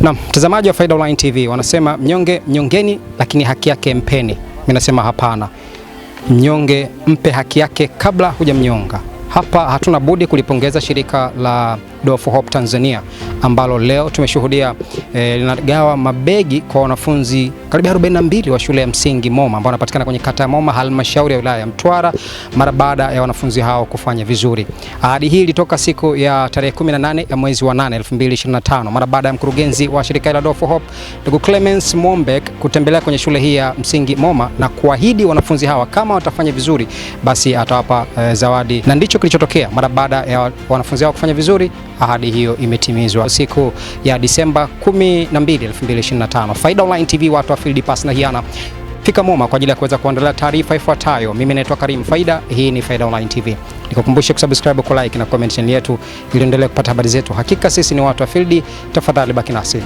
Naam, mtazamaji wa Faida Online TV wanasema mnyonge mnyongeni, lakini haki yake mpeni. Mimi nasema hapana, mnyonge mpe haki yake kabla hujamnyonga. Hapa hatuna budi kulipongeza shirika la Door for Hope Tanzania ambalo leo tumeshuhudia e, linagawa mabegi kwa wanafunzi karibu 42 wa shule ya msingi Moma ambao wanapatikana kwenye kata ya Moma halmashauri ya wilaya ya Mtwara mara baada ya wanafunzi hao kufanya vizuri. Ahadi hii ilitoka siku ya tarehe 18 ya mwezi wa 8 2025 mara baada ya mkurugenzi wa shirika la Door for Hope ndugu Clemens Mombek kutembelea kwenye shule hii ya msingi Moma na kuahidi wanafunzi hawa kama watafanya vizuri basi atawapa e, zawadi na ndicho kilichotokea mara baada ya wanafunzi hao kufanya vizuri ahadi hiyo imetimizwa siku ya Disemba 12, 2025. Faida Online TV, watu wa field pass na hiana fika MoMA kwa ajili ya kuweza kuandalia taarifa ifuatayo. Mimi naitwa Karim Faida, hii ni Faida Online TV. Nikukumbushe kusubscribe, like na comment channel yetu ili endelee kupata habari zetu. Hakika sisi ni watu wa field, tafadhali baki nasi.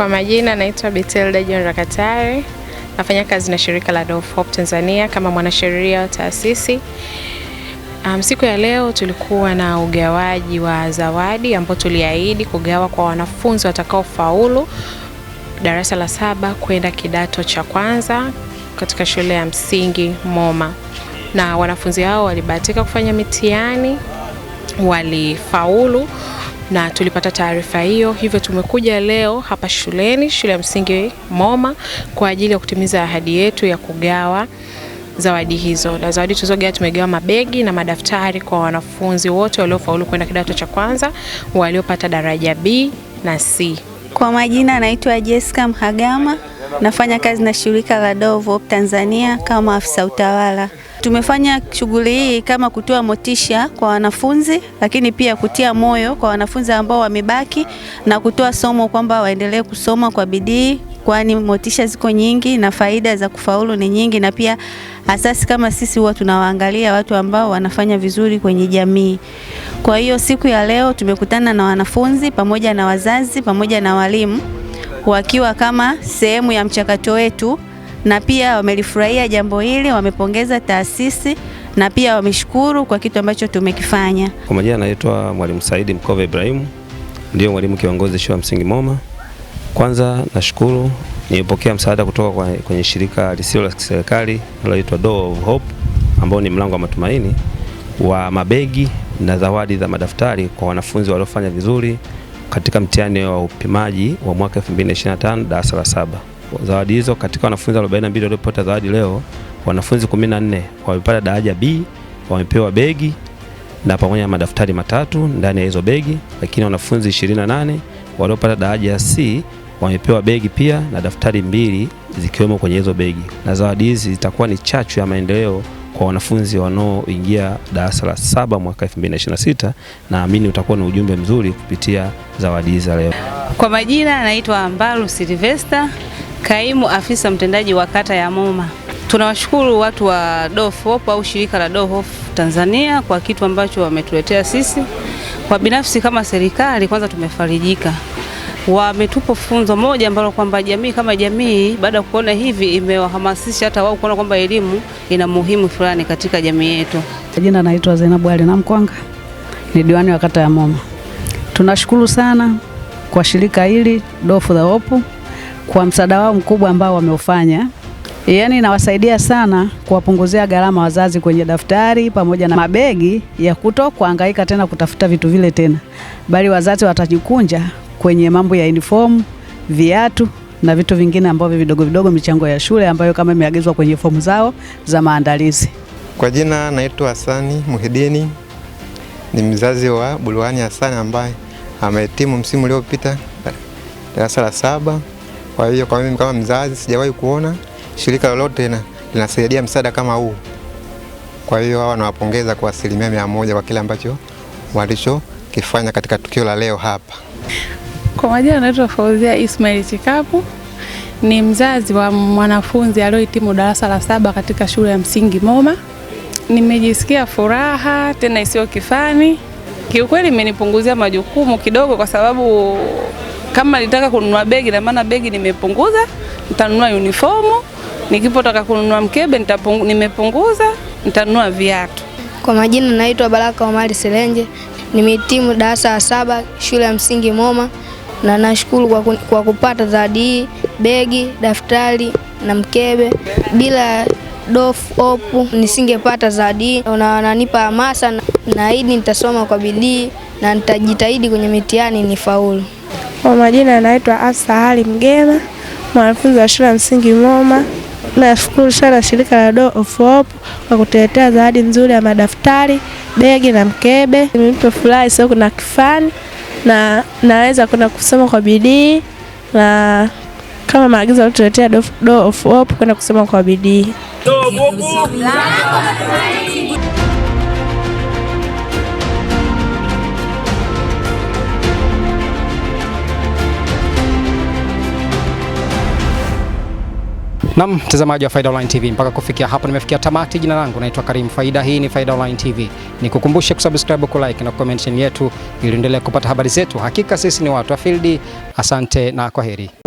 Kwa majina naitwa Betelda John Rakatare, nafanya kazi na shirika la Dove Hope Tanzania kama mwanasheria wa taasisi. Um, siku ya leo tulikuwa na ugawaji wa zawadi ambao tuliahidi kugawa kwa wanafunzi watakaofaulu darasa la saba kwenda kidato cha kwanza katika shule ya msingi Moma, na wanafunzi hao walibahatika kufanya mitihani, walifaulu na tulipata taarifa hiyo, hivyo tumekuja leo hapa shuleni, shule ya msingi Moma, kwa ajili ya kutimiza ahadi yetu ya kugawa zawadi hizo. Na zawadi tulizogawa, tumegawa mabegi na madaftari kwa wanafunzi wote waliofaulu kwenda kidato cha kwanza, waliopata daraja B na C. Kwa majina anaitwa Jessica Mhagama, nafanya kazi na shirika la Dove Hope Tanzania kama afisa utawala. Tumefanya shughuli hii kama kutoa motisha kwa wanafunzi, lakini pia kutia moyo kwa wanafunzi ambao wamebaki na kutoa somo kwamba waendelee kusoma kwa bidii, kwani motisha ziko nyingi na faida za kufaulu ni nyingi, na pia asasi kama sisi huwa tunawaangalia watu ambao wanafanya vizuri kwenye jamii. Kwa hiyo siku ya leo tumekutana na wanafunzi pamoja na wazazi pamoja na walimu wakiwa kama sehemu ya mchakato wetu na pia wamelifurahia jambo hili, wamepongeza taasisi na pia wameshukuru kwa kitu ambacho tumekifanya. Kwa majina naitwa Mwalimu Saidi Mkova Ibrahimu, ndio mwalimu kiongozi shule ya msingi Moma. Kwanza nashukuru nimepokea msaada kutoka kwenye shirika lisilo la serikali linaloitwa Door of Hope ambao ni mlango wa matumaini wa mabegi na zawadi za madaftari kwa wanafunzi waliofanya vizuri katika mtihani wa upimaji wa mwaka 2025 darasa la saba zawadi hizo. Katika wanafunzi 42 waliopata zawadi leo, wanafunzi 14 wamepata daraja B, wamepewa begi na pamoja na madaftari matatu ndani ya hizo begi, lakini wanafunzi 28 waliopata daraja C wamepewa begi pia na daftari mbili zikiwemo kwenye hizo begi, na zawadi hizi zitakuwa ni chachu ya maendeleo kwa wanafunzi wanaoingia darasa la saba mwaka 2026. Naamini utakuwa na ujumbe mzuri kupitia zawadi hizi leo. Kwa majina anaitwa Mbalu Silvester, Kaimu afisa mtendaji wa kata ya Moma. Tunawashukuru watu wa DOHOF au shirika la DOHOF Tanzania kwa kitu ambacho wametuletea sisi. Kwa binafsi kama serikali, kwanza tumefarijika, wametupa funzo moja ambalo kwamba jamii kama jamii, baada ya kuona hivi, imewahamasisha hata wao kuona kwamba elimu ina muhimu fulani katika jamii yetu. Jina naitwa Zainabu Ali Namkwanga, ni diwani wa kata ya Moma. Tunashukuru sana kwa shirika hili DOHOF Hope kwa msaada wao mkubwa ambao wameufanya. Yaani inawasaidia sana kuwapunguzia gharama wazazi kwenye daftari pamoja na mabegi ya kuto kuhangaika tena kutafuta vitu vile tena, bali wazazi watajikunja kwenye mambo ya uniform, viatu na vitu vingine ambavyo vidogo vidogo, michango ya shule ambayo kama imeagizwa kwenye fomu zao za maandalizi. Kwa jina naitwa Hasani Muhidini, ni mzazi wa Burhani Hasani ambaye amehitimu msimu uliopita darasa la saba. Kwa hiyo kwa mimi kama mzazi sijawahi kuona shirika lolote linasaidia msaada kama huu. Kwa hiyo hawa nawapongeza kwa asilimia mia moja kwa kile ambacho walichokifanya katika tukio la leo hapa. Kwa majina anaitwa Fauzia Ismail Chikapu, ni mzazi wa mwanafunzi aliyohitimu darasa la saba katika shule ya msingi Moma. Nimejisikia furaha tena isiyo kifani. Kiukweli imenipunguzia majukumu kidogo, kwa sababu kama nitaka kununua begi, na maana begi nimepunguza, nitanunua unifomu Nikipotaka kununua mkebe nitapungu, nimepunguza, nitanunua viatu. Kwa majina naitwa Baraka Omari Selenje, nimehitimu darasa la saba shule ya msingi Moma, na nashukuru kwa, kwa kupata zawadi hii, begi, daftari na mkebe. Bila dof opu nisingepata zawadi hii, na wananipa hamasa na naahidi nitasoma kwa bidii na nitajitahidi kwenye mitihani nifaulu. Kwa majina anaitwa Afsa Ali Mgema, mwanafunzi wa shule ya msingi Moma. Nashukuru sana shirika la Door of Hope kwa kutuletea zawadi nzuri ya madaftari, begi na mkebe. furaha sio kuna kifani na naweza kuna kusoma kwa bidii na kama maagizo alituletea Door of Hope kwenda kusoma kwa bidii. Na mtazamaji wa Faida Online TV, mpaka kufikia hapo nimefikia tamati. Jina langu naitwa Karim Faida, hii ni Faida Online TV. Nikukumbushe kusubscribe, ku like na comment yetu ili kupata habari zetu. Hakika sisi ni watu wa field. Asante na kwaheri.